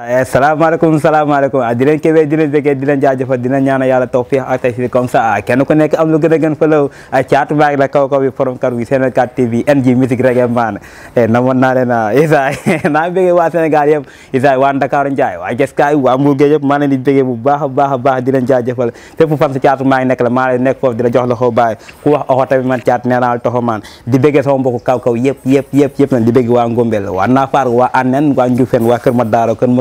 salaamaaleykum salaamaaleykum ah di leen kébee di leen béggee di leen jaajëfal di leen ñaanal yàlla tawfiix comme ça ah kenn ku nekk am lu gën a gën fëlaw caatu baag la kaw kaw bi forom kar gi Sénégal 4 TV NJ musique reggae man e namoon naa leen Isaay naa béggee waa Sénégal yëpp Isaay waa Ndakaaru Njaay waa Geskaay waa Mbourge di béggee bu baax a baax a baax di leen jaajëfal fépp fan sa caatu maa ngi la maa leen nekk foofu di la jox loxo baay di béggee sama mbokk kaw kaw yëpp yëpp yëpp yëpp di béggee waa Ngombel waa Naafaar waa Annen waa Ndioufène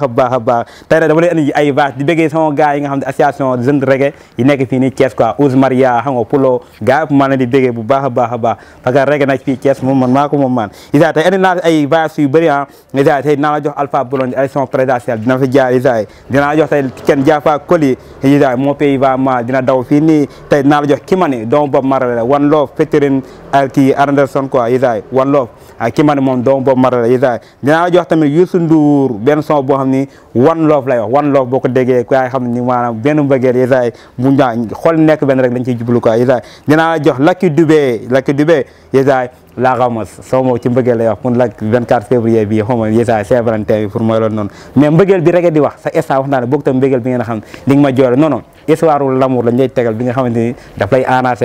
baax a baax a baax tey nag dama lay andi ay baax di bëggee sama gars yi a xam ne association jeune reggae yi nekk fii nii a quoi Ouz Maria xam nga Pulo gars yi maa di bëggee bu baax a baax a baax parce que reggae nag man maa ko moom maan isa tey andi naa ay baax yu bëri ah isa tey dinaa la jox Alpha Blondy ay son présidentiel dina fa jaar isa dinaa la jox tey kenn Jaafa Koli isa mon pays va mal dina daw fii nii tey dinaa la jox Kimani doomu Bob Marley One Love featuring ah, ak ki ma ne moom doomu boobu mara la isa dinaa la jox tamit Youssou Ndour benn son boo xam ni wan love la wax one love boo ko déggee ku yaay xam ni maanaam benn mbëggeel isa mu ñaa xool nekk benn rek lañ ciy jublu quoi isa dinaa la jox Lucky Dubé Lucky Dubé isa laa xaw ma soo ma ci mbëggeel lay wax pour la 24 février bi xaw ma yéesa Saint Valentin bi pour mooy loolu noonu mais mbëggeel bi rek di wax sa instant wax naa ne boog bi ngeen xam li nga tegal bi nga xamante ni daf lay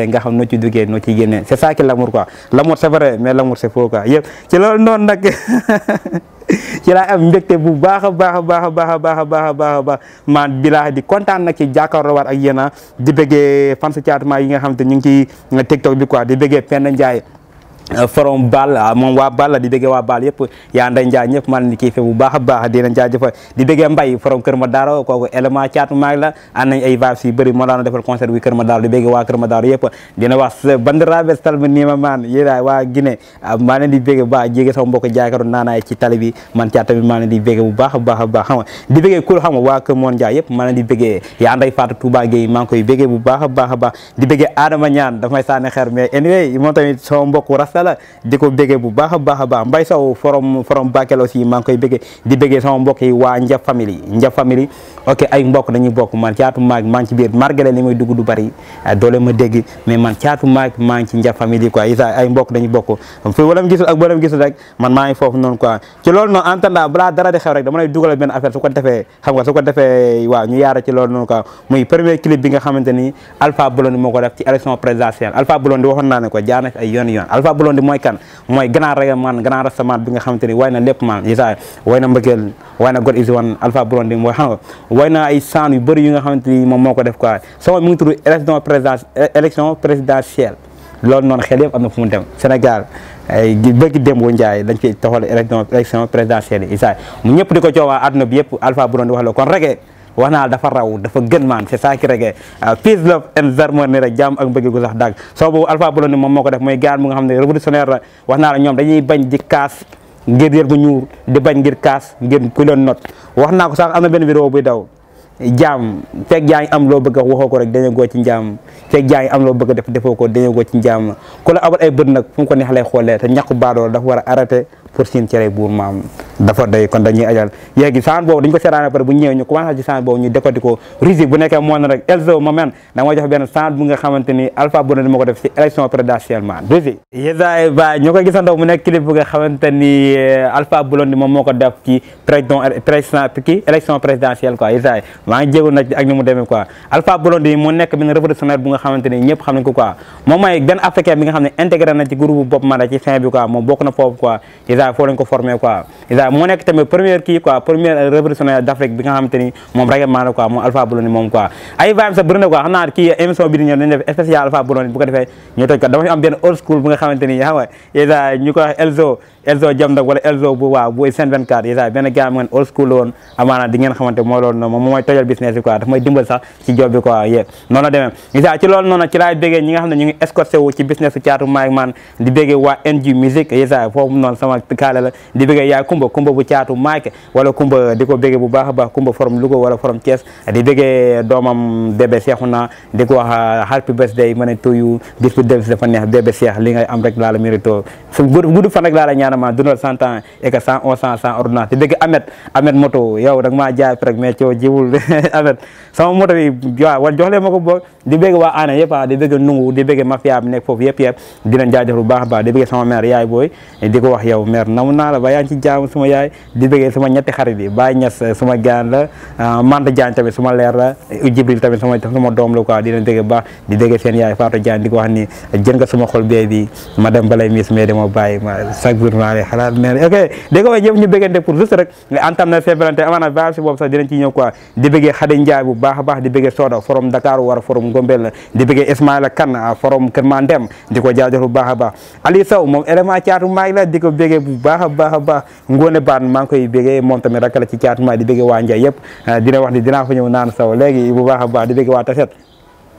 nga xam noo ci duggee noo ciy génnee c'est ça qui l'amour quoi l'amour c'est vrai mais l'amour c'est faux quoi yëpp ci loolu noonu nag ci bu baax a baax a baax a baax a baax a baax a baax a baax di kontaan nag ci jàkkaarloowaat ak yéen a ah di bëggee fans théâtre yi nga xam te ñu ngi ci TikTok bi quoi di bëggee Penda Ndiaye forom Baal ah, moom waa Baal la di bëggee waa Baal yëpp yaa nday Ndiaye ñëpp maa ni kii fe bu a baax di leen jaajëfal di bëggee mbay forom Kër Madaro kooku élément caatu maag la ànd nañ ay vaches yu bëri moo daan defal ah, a baax a bu baax a a baax di bëggee Adama Ñaan daf may sànni xeer mais anyway moom tamit sama mbokk ras sala di ko béggee bu baax a baax a baax mbay saw forom forom Bakel aussi maa ngi koy béggee di béggee sama mbokk yi waa Ndiab famille Ndiab famille ok ay mbokk dañuy bokk man caatu maag maa ngi ci biir margale li may dugg du bari ah, doole ma dégg mais man caatu maag maa ngi ci nja famille quoi isa ay mbokk dañuy bokk fu wala mu gisul ak wala mu gisul rek man maa ngi foofu noonu quoi ci loolu noonu en attendant balaa dara di xew rek dama lay dugal benn affaire su ko defee xam nga su ko defee waaw ñu yaara ci loolu noonu quoi muy premier clip bi nga xamante ni Alpha Blondy moo ko def ci élection présidentielle Alpha Blondy waxoon naa ne ko jaar na fi ay yoon yoon Alpha Blondy mooy kan mooy grand rek man grand rastaman bi nga xamante ni way na lépp man isa way na mbëggeel way na god isi wan Alpha Blondy mooy xam nga way naa ay saan yu bëri yu nga xamante ni moom moo ko def quoi sama mu ngi tudd élection présidence élection présidentielle loolu noonu xel yëpp am na fu mu dem Sénégal bëgg dem wu Ndiaye dañ koy taxawal élection élection présidentielle yi Issa mu ñëpp di ko coowaa àdduna bi yëpp Alpha bu di wax la kon reggae wax naa dafa raw dafa gën maan c'est ça qui reggae ah, peace love and harmony rek jàmm ak mbëgg gu sax dàgg Alpha bu doon moom def mooy gaan mu nga xam ne révolutionnaire la wax ñoom dañuy bañ di ngir yër gu ñuur di bañ ngir kaas ngir ku leen not wax naa ko sax am na benn vidéo buy daw jaam fekk yaa ngi am loo bëgg a waxoo ko rek dañoo goo ci njaam fekk am loo bëgg def defoo ko dañoo goo ci njaam ku la abal ay bët nag fu ko neex lay xoolee te ñàkku baadoo dafa war a arrêté pour siin cere buur maam dafa doy kon dañuy ajal yéegi saan boobu dañ ko seetaan pare bu ñëwee ñu commencé ci saan boobu ñu décoté ko risque bu nekkee moo na rek Elzo ma men da ma jox benn saan bu nga xamante ni Alpha Blondy di ma ko def si élection présidentielle ma deuxième yésaay ba ñu koy gisandoo mu nekk clip bu nga xamante ni euh, Alpha Blondy moom moo ko def ci président président kii élection présidentielle quoi yésaay maa ngi jéego nag ak ni mu demee quoi Alpha Blondy mu nekk benn révolutionnaire bu nga xamante ni ñëpp xam nañ ko quoi moom mooy benn africain bi nga xam ne intégré na ci groupe bopp manda ci fin bi quoi moom bokk na foofu quoi Isa foo ko formé quoi Isa moo nekk tamit première kii quoi première révolutionnaire bi nga xamante ni moom règlement la quoi moom Alpha Blondy moom quoi ay vibes sa bëri na quoi xam naa kii émission bi di ñëw dañ Alpha Blondy bu ko defee ñu toj ko dama fi am benn old school bi nga xamante ni yaa nga Isa ñu ko wax Elzo Elzo jam nag wala Elzo bu waaw bu Sen 24 yi sax benn gars mu ngeen old school woon amaana di ngeen xamante mooy loolu noonu moom mooy tojal business bi quoi daf may dimbal sax ci job bi quoi yéen noonu la demee isa ci loolu noonu ci laay béggee ñi nga xam ne ñu ngi escorté wu ci business su caatu maay man di béggee waa NG musique isa foofu noonu sama kaale la di béggee yaa Kumba Kumba bu caatu maayke wala Kumba di ko béggee bu baax a baax Kumba forom Louga wala forom Thiès di béggee doomam bébé Cheikh na di ko wax uh, happy birthday ma ne tuyu bis bu delsi dafa neex bébé Cheikh li ngay am rek laa la mérito gudd fan rek laa la ñaan ma dundal cent ans et que cent onze cent di dëgg Amet Amet moto yow da nga jaay rek mais coo jiwul Amet sama moto bi di bëgg waa aana yëpp ah di bëgg nungu di bëgg mafia bi nekk foofu yëpp yëpp di leen jaajëf bu baax a baax di bëgg sama mère la ba yaa ngi ci jaamu suma yaay di bëgg suma ñetti xarit yi Baye Niass eh, suma gaan la ah, Mante Diagne tamit suma leer la eh, Jibril tamit suma suma doom la quoi di leen bëgg baax di bëgg seen yaay Fatou Diagne di wax ni jën suma xol bee ma dem miis mais dama bàyyi ma chaque jour maa ngi xalaat mer ok dégg nga waaye yëpp ñu bëggante pour juste rek na Saint Valentin amaana baax si boobu sax dinañ ci ñëw quoi di bëggee Xadi Njaay bu baax a baax di bëggee Soda forom Dakar war forom Ngombel di bëggee Ismaila Kan forom Kër Mandem di ko jaajëf bu baax a baax Aliou Sow moom élément caatu maay la di ko bëggee bu baax a baax a baax Ngone Baan maa ngi koy bëggee moom tamit rakk la di bëggee waa Njaay yëpp ah, dina wax ni dinaa fa naan saw léegi bu baax a baax di bëggee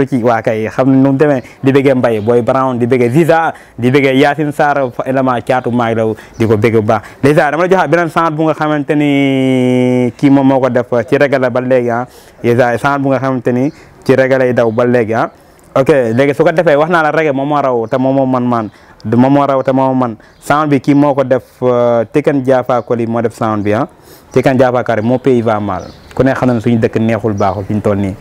du ci waa kay xam nu mu demee di bëggee Mbaye Boy Brown di bëggee Ziza di bëggee Yacine Sarr élément caatu maay law di ko bëgg bu baax dèjà dama la joxaat beneen sant bu nga xamante ni kii moom moo ko def ci régal la ba léegi ah dèjà sant bu nga xamante ni ci régal lay ba léegi ah ok léegi su ko defee wax na la rege moom moo raw te moom moo man man moom moo raw te moom moo man sant bi kii moo ko def euh, Tiken Jaffa Coli moo def sant bi ah. ci Kanja Faakaare moo pays va mal ku ne xam na suñu dëkk neexul baaxul fi ñu toll nii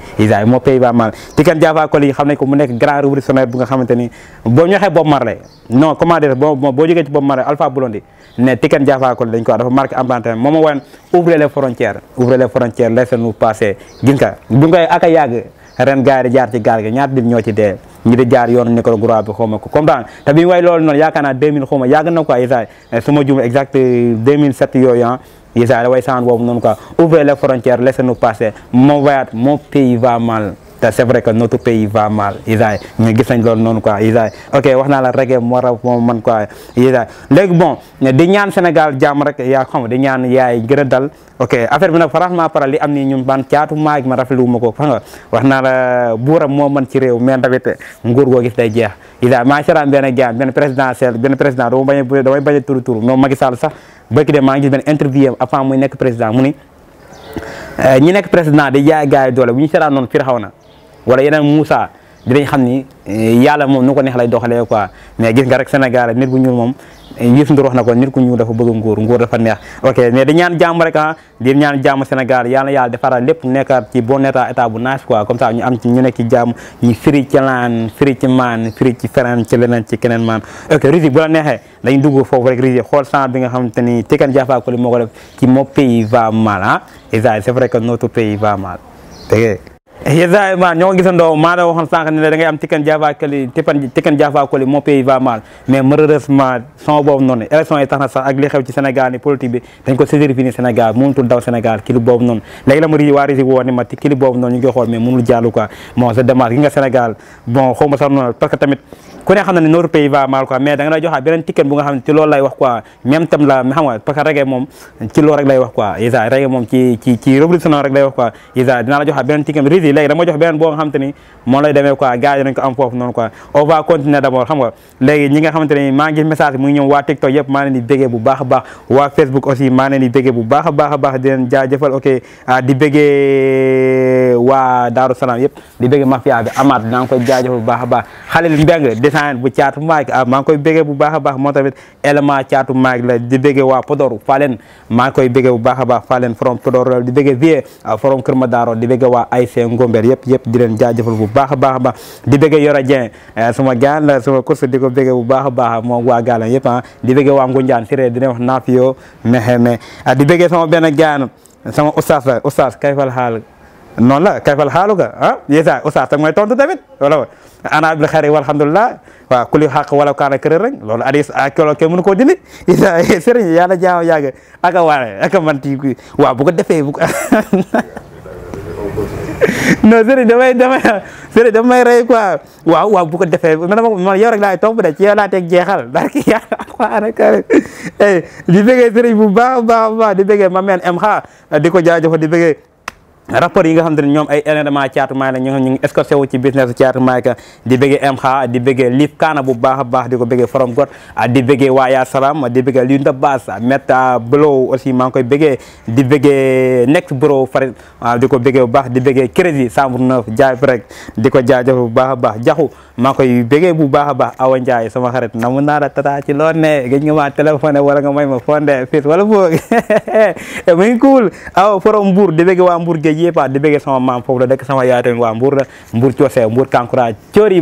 moo pays va mal ci Kanja Faakaare yi xam nañ ko mu nekk grand révolutionnaire bu nga xamante ni boo ñu waxee Bob Marley non comment dire boo boo jógee ci Bob Marley ne Tiken Jah Fakoly dañ ko dafa marqué moom moo woon ouvrez les frontières ouvrez les frontières laissez-nous passer gis nga bu ngay ak a ren gars yi jaar ci gaal gi ñaata nit ñoo ci dee ñu jaar yoonu Yesa la way sound boobu noonu quoi ouvrez les frontières laissez-nous passer mon voyage mon pays va mal te c'est vrai que notre pays va mal Yesa ñu gis nañ loolu noonu quoi Yesa ok wax naa la reggae moo rab moo man quoi Yesa léegi bon di ñaan Sénégal jàmm rek yaa xam di ñaan yaay gën a dal ok affaire bi nag franchement par li am ni ñun man caatu maag ma rafetlu ma ko xam wax naa la buuram moo mën ci réew mais tamit nguur goo gis day jeex Yesa maa ngi seetaan benn gaan benn présidentiel benn président moom Macky Sall sax bëgg de maa ngi gis benn interview avant muy nekk président mu ni euh, ñi nekk président di jaay gaay doole bu ñu seetaan noonu Firawna wala yeneen Moussa dinañ xam ni euh, yàlla moom nu ko neex lay doxalee quoi mais gis nga rek Sénégal nit bu ñuul moom Eh, Youssou Ndour wax na ko nit ku ñuul dafa bëgg nguur nguur dafa neex ok mais di ñaan jàmm rek ah di ñaan jàmm Sénégal yal na yàlla defaraat lépp nekkaat ci bon état ñu am ci ñu nekk ci jàmm ñu firi ci laan ci maan firi ci feneen ci leneen ci keneen maan ok Rizig bu la neexee dañ dugg foofu rek Rizig xool sang bi nga xam te ni Tiken Jah Fakoly moo ko def ci mon mal ah et ça c'est vrai que notre pays va mal Yeza ma ñoo gisandoo maa la waxoon sànq ne da ngay am Tiken Jaffa Quali Tiken Jaffa Quali pays va mal mais malheureusement son boobu noonu élection yi tax sax ak li ni politique bi dañ ko saisir fii ni Sénégal mënutul daw Sénégal kili boobu noonu léegi la ma ri waa risi woo ni ma kili boobu noonu ñu ngi koy xool mais mënul jàllu quoi bon c'est dommage gi nga Sénégal sax noonu parce tamit ku ne xam na ne notre pays va mal quoi mais da nga lay joxaat beneen ticket bu nga xam ne ci loolu lay wax quoi même tam la xam nga parce que reggae moom ci loolu rek lay wax quoi isa reggae moom ci ci ci révolutionnaire rek lay wax quoi isa dinaa la joxaat beneen ticket bi risi léegi dama jox beneen boo nga xam te ni moom lay demee quoi gars yi nañ ko am foofu noonu quoi on va continuer d' abord xam nga léegi ñi nga xamante ni maa ngi message mu ngi ñëw waa TikTok yëpp maa leen di béggee bu baax a baax waa Facebook aussi maa leen di béggee bu baax a baax a baax di leen jaajëfal ok ah, di béggee waa Daaru Salaam yëpp di béggee mafia bi amaat dinaa koy jaajëfal bu baax a baax Khalil Mbeng xaen bu caatu maag a ah, maa ngi koy béggee bu baax a baax moom tamit élément caatu maag la di béggee waa Podor Falen maa ngi koy béggee bu baax a baax Falen from di béggee vie ah, from Kër Madaro di béggee waa ASC Ngomber yëpp yëpp di leen jaajëfal bu baax a baax a baax di béggee Yoro Dieng ah, suma gaan la suma course di ko béggee bu baax a baax moom waa Galan yëpp ah di béggee waa Ngunjaan Siré di leen wax naafiyoo mexe me di béggee sama benn gaan sama noonu la kayfal xaaluka ah yesa oustaz tag mooy ana bil xayri walhamdulillah waaw kuli xaq wala kaana kërër loolu adis ak ah, loolu kenn mënu koo dindi isa sëriñ yàlla jaam yàgg ak a waare ak a manti waaw bu ko defee bu ko non sëriñ damay damay waaw waaw ko defee man yow de ci yow laa teg jeexal barki yàlla alquran karim eh, di bëggee sëriñ bu baax baax baax di bëggee ma meen MH di ko jaajëfal di bëggee rapport yi nga xam te ne ñoom ay élément caatu maay la ñu ñu ngi escorté wu ci business caatu maay ka di bëggee MH di bëggee liif kaana bu baax a baax di ko bëggee Forom God ah, di bëggee waaya salam di bëggee Linda Bass ah, Meta Blow aussi maa koy bëggee di bëggee next bro farit ah, di ko bëggee bu baax di bëggee crédit chambre neuf jaay rek di ko jaajëf bu baax a baax jaxu maa ngi koy bëggee bu baax a baax Awa Ndiaye sama xarit na mu naara tata ci loo ne gëj nga maa téléphoné wala nga may ma fonde fis wala boog eh, mu ngi cool aw Forom Mbour di bëggee liggéey quoi di bëggee sama maam foofu la dëkk sama yaay tamit waa Mbour la Mbour Coose Mbour Kankura Coori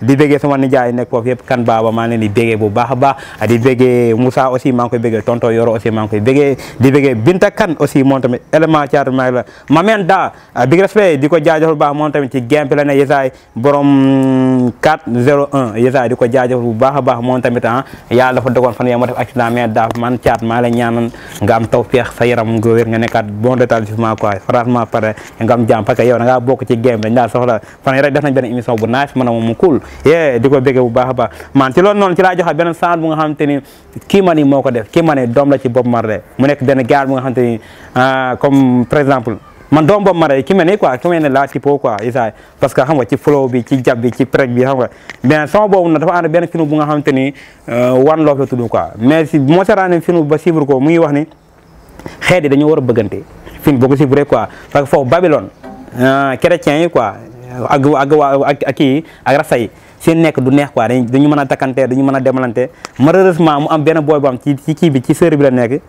di bëggee sama nijaay nekk foofu yëpp kan baaba maa ngi leen di bëggee bu baax a baax di bëggee Moussa aussi maa ngi koy bëggee aussi maa ngi Binta Kan aussi moom tamit élément caatu maa la Mamen Da euh, big respect di ko jaajëfal bu baax moom tamit ci game bi la ne yesaay borom 401 yesaay di ko jaajëfal bu baax a baax ah, nga am tawfeex sa yaram nga wér nga nekkaat bon rétablissement quoi après nga am jàmm parce que yow da ngaa bokk ci game dañ daal soxla fan rek def nañ bu nice mën mu cool yee di ko bu baax a man ci loolu noonu ci laa joxe benn sant bu nga xamante ni kii ma ni def kii ma ni doom la ci Bob Marley mu nekk benn gaal bu nga xamante ni ah, comme par ki ne laa tipo quoi flow bi ci jab bi ci preg bi xam nga mais son boobu nag dafa ànd benn film bu nga xamante wan euh, loof la tudd quoi mais si moo ba suivre ko mu ngi wax ni xeet yi dañoo war a film boo ko suivre quoi parce que foofu Babylone euh, chrétiens yi quoi ak ak waa ak seen nekk du neex quoi dañu mën a takkante dañu mën a demalante malheureusement mu am benn booy bu am ci ci bi ci sœur bi la nekk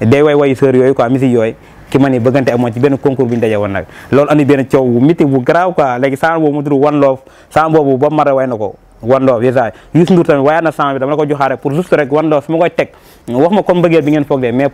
day way wayu sœur yooyu quoi musique yooyu ki ma ni bëggante ak moom ci benn concours bu ñu daje woon nag loolu coow miti bu garaaw quoi léegi sang boobu mu tudd One Love sang boobu ba mara way na ko One Love yesa Youssou Ndour tamit waaye na sang bi dama la ko joxaare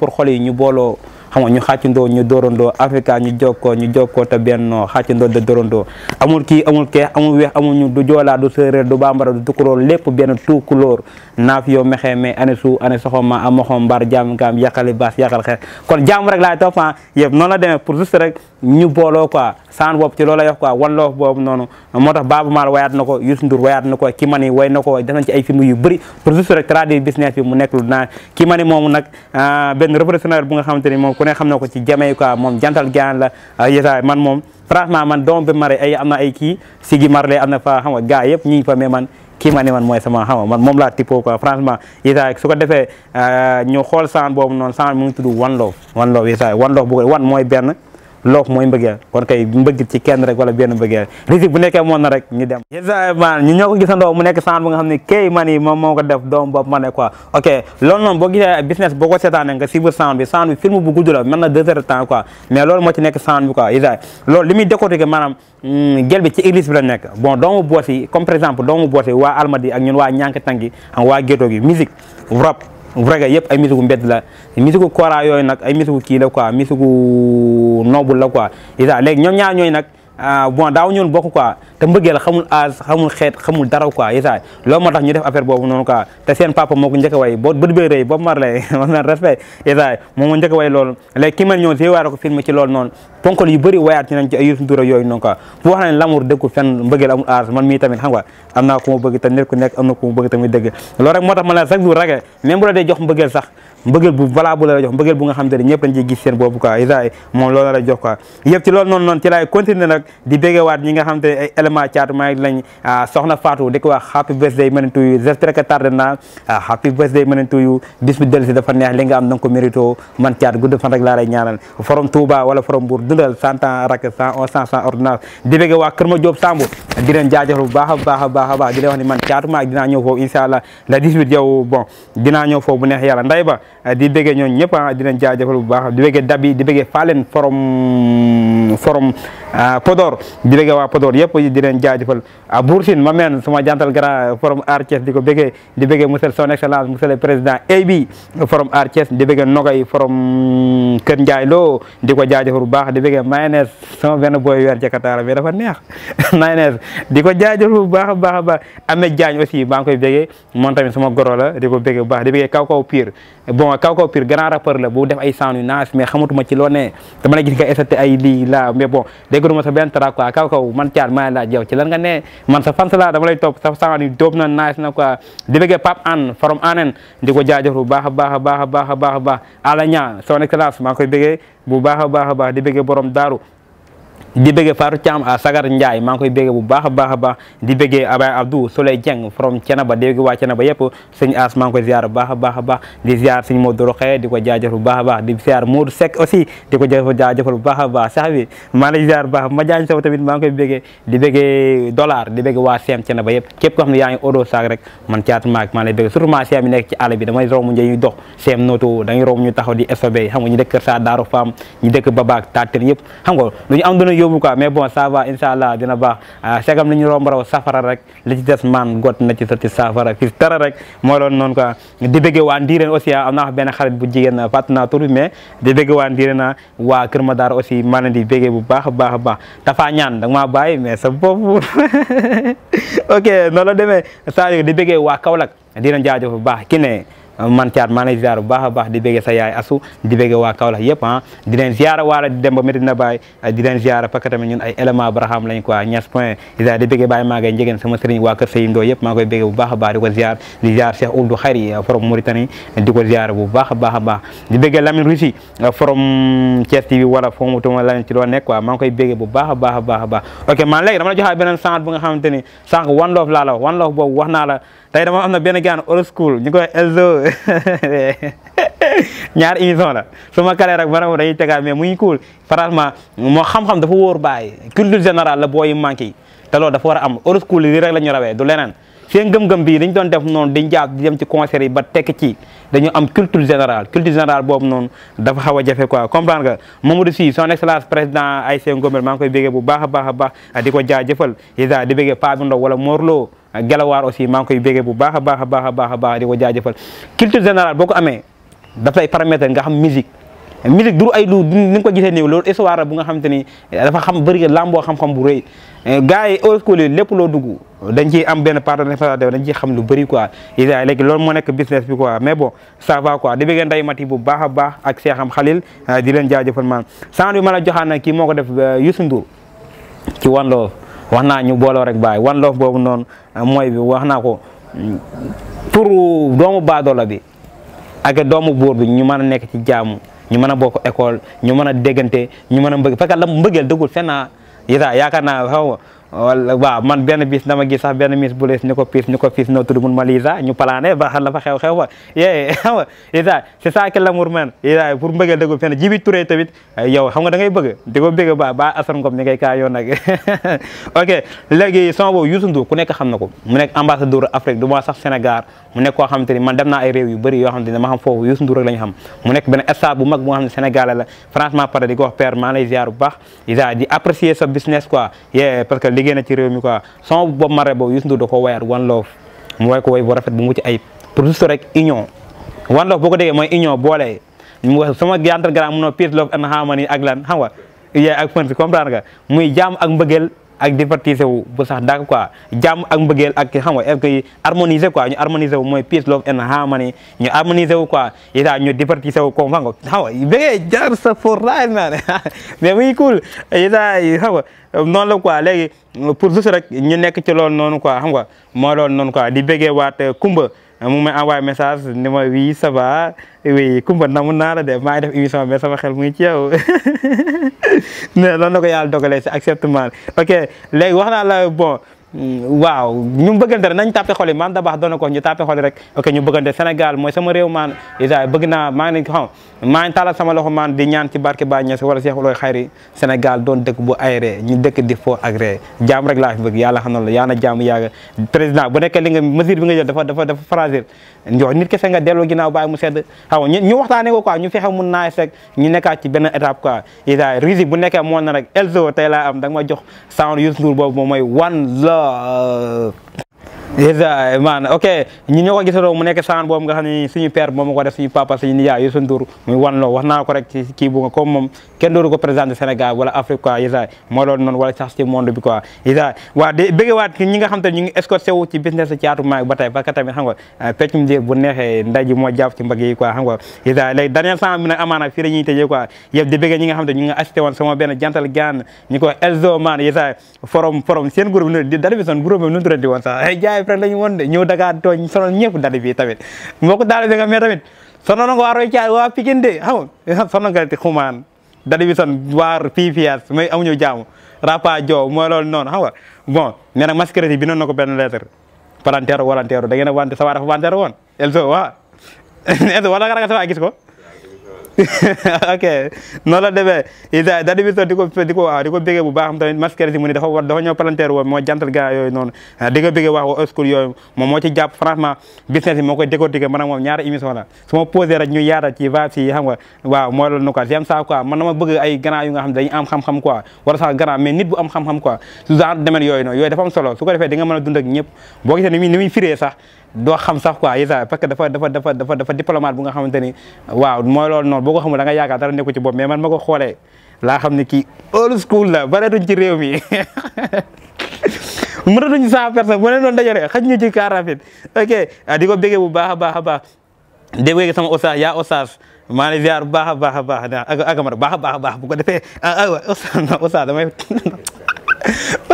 pour xam nga ñu xàccandoo ñu dóorandoo africa ñu jokkoo ñu jokkoo te bennoo xàccandoo de dóorandoo amul kii amul kee amul weex amul ñu du joolaa du séeréer du bambara du tukulóor lépp benn tout couleur naaf yow mexee mais ane suu ane soxoma amoxom mbar jaam ngaam yàqali baas yàqal xeex kon jaam rek laay toppan ah. yëpp noonu la demee pour juste rek ñu booloo quoi saan bopp ci loolu la yox quoi wan loof boobu noonu moo tax Baaba Maal wayaat na ko Youssou Ndour wayaat na ko ki mani way na ko def nañ ci ay film yu bëri pour juste rek traduire business bi mu nekk lu naa ki mani moomu nag ah, benn révolutionnaire bu nga xamante ni moom ku ne xam na ko ci jamey quoi moom jantal gaan la yétaay man moom franchement man doom bi mare ay am na ay kii sigi marle am na fa xam nga gars yëpp ñu ngi fa mais man kii ma ne man mooy sama xam nga man moom la tippoo quoi franchement yétaay su ko defee euh, ñu xool saan boobu noonu saan mu ngi tudd one love one love yétaay one love bu ko one mooy benn loof mooy mbëggeel kon kay mbëgg ci kenn rek wala benn mbëggeel risque nekkee moon na rek ñu dem yéen man ñu bu nga xam ne kay man yi moom moo ko def doom bopp ma ne quoi ok loolu noonu boo gisee business ko seetaanee nga sibir saan bi saan bi film bu gudd la na deux heures de temps quoi moo ci nekk saan bi quoi yéen loolu li muy décortiquer maanaam hmm, gel bi ci église bi la nekk bon doomu boos yi comme par exemple doomu boos yi waa almadi ak ñun waa ñànk tangi ak waa gétoo gi musique reggae yëpp ay musique mbedd la musique gu kora yooyu nag ay musique kii la quoi musique gu noble la quoi isa léegi ñoom ñaar ñooyu nag Ah, bon daaw ñoon bokk quoi te mbëggeel xamul âge xamul xeet xamul dara quoi yisaay loolu moo tax ñu def boobu noonu quoi te seen papa moo ko njëkk a bët bëy rëy boobu mar lay na respect yisaay moom moo njëkk a way loolu léegi ki mel film ci loolu noonu ponkal yu bëri wayaat ci nañ ci ay Youssou Ndour yooyu noonu quoi bu wax nañ l'amour amul âge man mii tamit xam nga am naa ku ku nekk am na ku ma mbëggeel bu valable la jox mbëggeel bu nga xam te ne ñëpp dañ ciy gis seen bopp quoi isa moom loolu la jox quoi yëpp ci loolu noonu noonu ci laay continuer nag di béggewaat ñi nga xam te ne ay élément caatu maa ngi lañ ah, soxna Fatou di ko wax happy birthday mën to you j'espère que tardé naa ah, happy birthday mën to you bis bi dellu si dafa neex li nga am da nga ko mérito man caat gudd fan rek laa lay ñaanal forom Touba wala forom Mbour dundal cent ans rak cent onze cent cent ordonnance di bégge waa Kër Ma Diop Samb di leen jaajëfal bu baax a baax a baax a baax di leen wax ni man caatu maa dinaa ñëw foofu incha allah la 18 yow bon dinaa ñëw foofu bu neex yàlla nday ba di bëggee ñoom ñëpp ah dinañ bu baax di bëggee Dabi di bëggee Falen forom forom ah, di bëggee waa Podor yëpp di leen jaajëfal ah, Boursin ma meen suma jantal grand forom Arthies di ko bëggee di bëggee monsieur son excellence monsieur le président AB forom Arthies di bëggee Nogay forom Kër Ndiaye loo di ko jaajëfal bu baax di bëggee mayonnaise sama benn booy weer jakataara bi dafa neex mayonnaise di ko jaajëfal bu baax a a baax Ameth Diagne aussi maa ngi koy bëggee moom tamit sama goro la di ko bëggee bu baax di bëggee kaw kaw bon kaw kaw pire grand rappeur la bu def ay sound yu naas mais xamatuma ci loo ne dama la gis nga essayé ay lii la mais bon dégguma sa benn track a kaw kaw man caar maa laaj yow ci lan ne man sa fans la dama lay topp sa sound yu dóob na naas na quoi di bëggee Pape Hann forom anen di ko jaajëf bu baax a ba a baax a ba a baax a ba ala ñaa son excellence maa ngi koy bëggee a baax a baax di bëggee borom daaru di bëggee Fatou Thiam à euh, Sagar Ndiaye maa ngi bu baax a baax a baax di bëggee Abay Abdou Souley Dieng from Thiénaba dégg waa Thiénaba yëpp sëñ As maa ngi koy ziar bu baax a baax a baax di ziar sëñ Modou Roxee baax a baax di ziar Modou a baax ma jaañ saw tamit maa ngi koy bëggee di dollar di bëggee waa CM Thiénaba yëpp képp koo xam ne yaa ngi odo saak rek man caatu maak maa lay bëggee surtout maa CM yi nekk ci àll bi damay romb ñuy dox CM nooto dañuy romb ñu taxaw di SOB xam nga ñu dëkk Kër Sa Daaru Faam ñu dëkk Babaak Tatir ñëpp xam nga yóbbu quoi mais bon ça va allah dina baax ah, segam li ñu romb raw safara rek li ci des maan got na ci sotti safara fi tara rek mooy loolu noonu di bëgg waa Ndiréen aussi ah, am naa benn xarit bu jigéen ah, fàtt naa mais di bëgg waa Ndiréen waa Kër Madar aussi maa di bëggee bu baax a baax a baax dafa ñaan da nga maa bàyyi mais sa bopp ok noonu la demee saa di bëggee waa Kaolack di leen jaajëf bu baax ki man caat maa lay ziar bu baax a baax di bëgge sa yaay asu di bëgge waa Kaolack yëpp ah di leen ziara waala di dem ba Medina Baye ah, di leen ziara parce que tamit ñun ay élément Braham lañ quoi ñas point isa di bëgge Baye maa ngay njegeen sama sëriñ waa kër Seyim Ndoo yëpp maa koy bëgge bu baax a baax di ko ziar di ziar Cheikh Ould Khari ah, from Mauritanie di ko ziar bu baax a baax a baax di bëgge Lamine Russi ah, from Thiès TV wala foo mu tuma Lamine ci loo nekk quoi maa ngi koy bëgge bu baax a baax a baax a baax ok man léegi dama la joxaat beneen sant bu nga xamante ni sànq one love laa la wax one love boobu wax naa la tey dama am na benn gaan old school ñu koy elzo ñaar émission la su ma kalee rek vraiment dañuy tegaat mais muy cool franchement moo xam-xam dafa wóor bàyyi culture générale la booy manqué yi te loolu dafa war a am old school li rek la ñu rawee du leneen seen ngëm-ngëm bii dañ doon def noon di jaar di dem ci concert yi ba tekk ci dañu am culture générale culture générale boobu noonu dafa xaw a jafe quoi comprendre nga Mamadou Sy son excellence président ASC Ngombel maa ngi koy bégee bu baax a baax a baax ah, di ko jaajëfal isa di bégee Pape Ndaw wala Morlo ah, Gelawaar aussi maa ngi koy bégee bu baax a baax a baax a baax di ko jaajëfal culture générale boo ko amee daf lay permettre nga xam musique musique duru ay lu ni nga ko gisee nii loolu histoire bu nga xamante ni dafa xam bëri làmboo xam-xam bu rëy eh, gars yi horoscope lépp loo dugg dañ ciy am benn part de dañ ciy xam lu bëri quoi a léegi loolu moo nekk business bi quoi mais bon ça va quoi di bëgg nday mati bu baax a baax ak Seexam Xalil eh, di leen jaajëfal maam sant bi ma la joxaan nag kii moo ko def eh, Youssou Ndour ci One Love wax naa ñu booloo rek bàyyi One Love boobu noonu mooy bi wax naa ko pour doomu baadoola bi ak doomu buur bi ñu mën a nekk ci jaamu ñu mën a bokk école ñu mën a déggante ñu mën a mbëgg fekk la mbëggeel dëggul fenn ah, naa yaakaar naa xaw wala waaw man benn bis dama gis sax benn miss bu lees piis ñu piis noo tudd mun ma Lisa ñu ba xam la fa xew-xew ba yee xam nga Lisa c'est ça que l'amour man Lisa pour mbëggeel dëggu fenn Djiby Touré tamit yow xam nga da ngay di ko bëgg ba ba asar ngom mi ngay kaa ok léegi sama boobu Youssou Ndour ku nekk xam na ko mu nekk ambassadeur Afrique du moins sax Sénégal mu nekk koo xam te ni man dem naa ay réew yu bëri yoo xam te ne ma xam foofu Youssou Ndour rek la ñu xam mu nekk benn star bu sa business quoi liggéey na ci réew mi quoi a Bob Marley boobu Youssou Ndour da ko wayaat One Love mu way ko way bu rafet bu mucc ayib pour juste rek One Love boo ko déggee mooy boole mu wax sama yantal no peace love and harmony ak lan xam nga yaay ak fën si comprendre nga muy jaam ak mbëggeel ak divertise wu bu sax dàgg quoi jàmm ak mbëggeel ak xam nga est-ce ko harmoniser quoi wu mooy peace love and harmony ñu harmoniser wu quoi ita ñu divertise wu ko xam nga xam nga bëggee jaar sa for life man mais muy cool ita xam nga noonu la quoi léegi pour juste rek ñu nekk ci loolu noonu quoi xam nga moo loolu noonu quoi di bëggee waat Kumba mu may envoyé message ni ma oui ça va Kumba namu naa la de maa ngi def émission mais sama xel mu ngi ci lo mais loolu la ko yàlla dogalee si acceptement ok léegi wax naa la bon. Mm, waaw ñu bëggante rek nañ tàppe xol yi maam da baax doon na ko ñu tàppe xol rek ok ñu bëggante Sénégal mooy sama réew maan isa bëgg naa maa ngi xam maa ngi taalal sama loxo maan di ñaan ci barke Baay Ñas Seex Ulooy Xayri Sénégal doon dëkk bu aéré ñu dëkk di foo ak ree rek laa bëgg yàlla xam na la yaa na jaam yaaga président bu nekkee li nga mesure bi nga jël dafa dafa dafa fragile jox nit kese nga delloo ginnaaw mu sedd xaw ñu ñu waxtaanee ko quoi fexe mun naa sek ñu nekkaat ci euh, isa man ok ñi ñoo ko mu nekk saan boobu nga xam ne suñu père moom ma ko def suñu papa suñu nijaay wan loo wax naa ko rek ci kii bu nga comme moom kenn dooru ko présenté Sénégal wala Afrique quoi isa moo loolu noonu wala sax ci monde bi quoi isa waaw de bëggewaat ñi nga xam te ñu ngi escorté wu ci business caatu maag ba tey parce que tamit xam nga euh, peccum jéeg bu neexee nday ji moo jàpp ci mbagg yi quoi xam nga isa léegi amaana fii la te ñu ko Elzo man isa forum forum seen rek la ñu woon de ñëw Dakar tooñ sonal ñëpp dali bi tamit mbokk daal bi nga mais tamit sonal na ko waa Roycaay waa Pikine de xam nga sonal nga xumaan dali bi son waar fii fias may amuñu jaamu rapa joo mooy loolu bon nee na mascarade bi noonu na ko benn lettre palanteeru walanteeru da ngeen a wante sa waa dafa wanteeru woon el so waa waa gis ok noonu la demee Isa da di di ko di bu baax am tamit mu ni dafa war dafa ñëw palanteer woo moo jantal gars yooyu noonu ah, di ko bëggee wa school yooyu moom moo ci jàpp franchement business yi moo koy décortiquer man ak moom ñaari émission la su ma posé rek ñu yaata ci va si xam nga waaw mooy loolu quoi j'aime ça quoi man dama bëgg ay grand yu nga am xam-xam quoi wala sax grand mais nit bu am xam-xam quoi su genre domaine yooyu noonu dafa am solo su ko defee di nga mën a dund ak ñëpp boo gisee doo xam sax quoi isa parce que dafa dafa dafa dafa dafa diplomate bu nga xamante ni waaw mooy loolu noonu boo ko xamul da nga yaakaar dara nekku ci bopp mais ma ko xoolee laa xam ne kii old school la bareetuñ ci réew mi mënatuñ cent personnes mu ne noonu dajale xaj ñu ci car rapide ok ah, di ko béggee bu baax a baax a baax dégg sama oustaz yaa oustaz maa ngi ziar bu baax a baax a baax ak akamar baax a baax a baax bu ko defee ah ah oustaz damay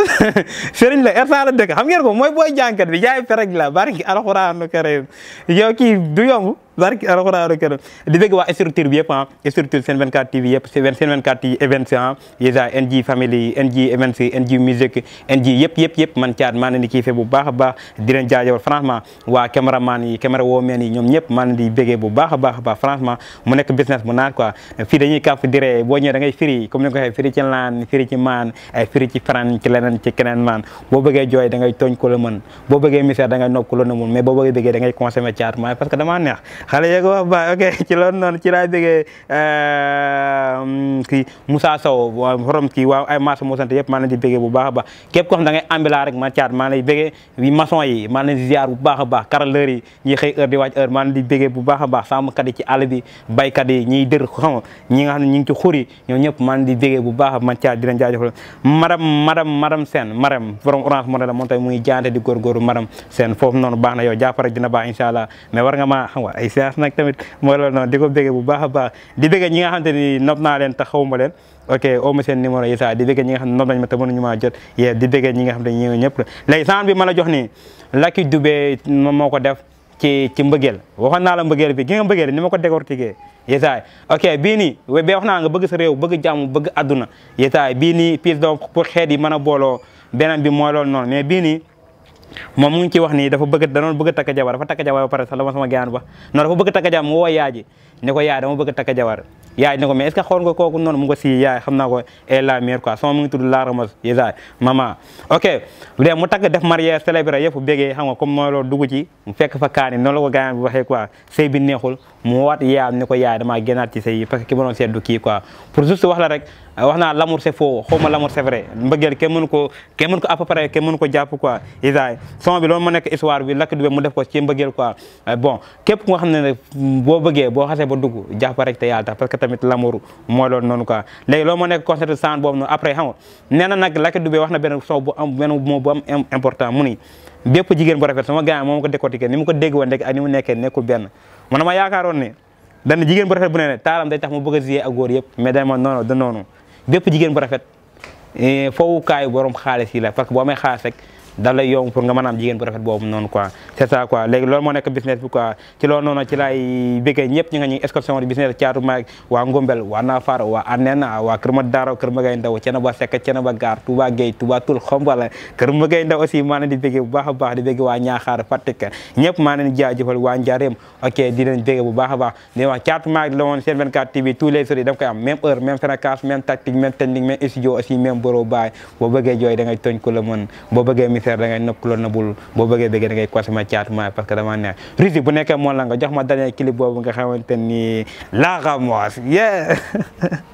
sëriñ la erta la dëkk xam ngeen ko mooy booy jànkat bi jaay pereg la barki alxuraanu karim yow kii du yomb barki alxuraanu karim di bëgg waa structure bi yëpp ah structure Sen 24 TV yëpp Sen 24 TV events ah yesa NJ family NJ events NJ musique NJ yëpp yëpp yëpp man caat maa leen di kiifee bu baax a baax di leen jaajëfal franchement waa caméraman yi caméra woomeen yi ñoom ñëpp maa leen di bëggee bu baax a baax a baax franchement mu nekk business bu naat quoi fii dañuy kaf di ree boo ñëwee da ngay firi comme ni nga ko waxee firi ci laan firi ci maan ay firi ci faran ci leneen ci keneen maan boo bëggee jooy da ngay tooñ ko la mën boo bëggee misère da ngay nopp ko la mën mais boo bëggee bëggee da ngay consommer caat maa parce que damaa neex xale yeeg wax ba ok ci loolu noonu ci laa déggee euh, kii Moussa Sow borom kii waaw ay maçon moo sant yëpp maa leen di béggee bu baax a baax képp ko xam da ngay ambila rek ma caat maa lay béggee yi maa leen di ziar bu baax a baax carreleurs yi ñuy xëy heure di wàcc bu baax a baax sàmmkat yi ci àll bi baykat yi ñiy dër xam ñi nga xam ne ñi ngi ci xur yi ñoom ñëpp maa di béggee bu baax ma caat di leen jaajëfal madame madame madame Sène madame borom orange moo ne la moom tamit muy jaante di góorgóorlu madame Sène foofu noonu baax na yow jàpp rek dina baax incha allah mais war maa ay Sias nag tamit mooy loolu noonu di ko bëggee bu baax a baax di bëggee ñi nga xamante ni nopp naa leen te xawuma leen ok oma seen numéro di bëggee ñi xam ne nopp nañ ma jot yee di bëggee ñi xam ne ñëw ñëpp la léegi saan bi ma la jox nii Lucky Dubé moom moo ko def ci ci mbëggeel waxoon naa la mbëggeel bi gi nga mbëggeel ni ma ko décortiquer yesaay ok bii nii bee wax naa nga bag sa réew bëgg bag bëgg àdduna yesaay bii nii pièce donc pour xeet yi mën a booloo beneen bi mooy loolu noonu mais bii nii moom mu ngi ci wax ni dafa bëgg da doon bëgg a takk jabar dafa takk jabar ba pare sax la sama gaan ba non dafa bëgg a takk jabar mu woo yaay ji ne ko yaay dama bëgg a takk jabar yaay ne ko mais est ce que xool nga kooku ko si yaay xam na ko et la mère quoi sama mu ngi tudd la ramos yesa maman ok léegi mu takk def mariage célébré yëpp bégee xam nga comme mooy loolu dugg ci fekk fa kaani noonu la ko gaan bi waxee quoi sëy bi mu waat yaayam ni ko yaay damaa génnaat ci sëy yi parce que ki ma doon kii quoi pour juste wax la rek wax naa l'amour c'est faux xaw ma l'amour c'est vrai mbëggeel kenn mënu ko kenn ko à peu près kenn mënu ko jàpp quoi isaay son bi loolu ma nekk histoire bi lakk dube mu def ko ci mbëggeel quoi euh, bon képp nga xam ne ne boo bëggee boo xasee ba dugg jàpp rek te yàlla tax parce tamit l'amour mooy loolu noonu quoi léegi loolu ma nekk concept san boobu noonu après xam nga na nag lakk dube wax na benn son bu am benn mot bu am important mu bépp jigéen bu rafet sama gars moom ko décortiqué ni mu ko dégg woon rek ak ni mu nekkee nekkul benn man dama yaakaaroon ne dana jigéen bu rafet bu ne ne day tax mu bëgg a ziyee ak góor yëpp mais dama non non da noonu bépp jigéen bu rafet eh, fowukaayu borom xaalis yi la parce que boo amee xaalis rek daf lay yomb pour nga mën a am jigéen bu rafet boobu noonu quoi c'est ça quoi léegi loolu moo nekk business bi quoi ci loolu noonu ci laay béggee ñëpp ñi nga ñu excursion di business caatu maag waa Ngombel waa Nafar waa Anena waa Kër Madaro Kër Magay Ndaw Cenaba Sekk Cenaba Gaar Touba Gueye Touba Tul Xombal Kër Magay Ndaw aussi maa leen di béggee bu baax a baax di béggee waa Ñaaxaar Fatick ñëpp maa leen jaajëfal waa Njaareem ok di leen béggee bu baax a baax di wax caatu maag la woon Sen 24 TV tous les jours yi da nga koy am même heure même fréquence même tactique même technique même studio aussi même boro baay boo bëggee jooy da ngay tooñ ko la mën boo bëggee xeer da ngay nëpp loolu nëbbul boo bëggee bëggee da ngay kosi ma caat ma parce bu nekkee moom la nga jox ma dernier clip boobu nga xamante ni laaxamoos yeah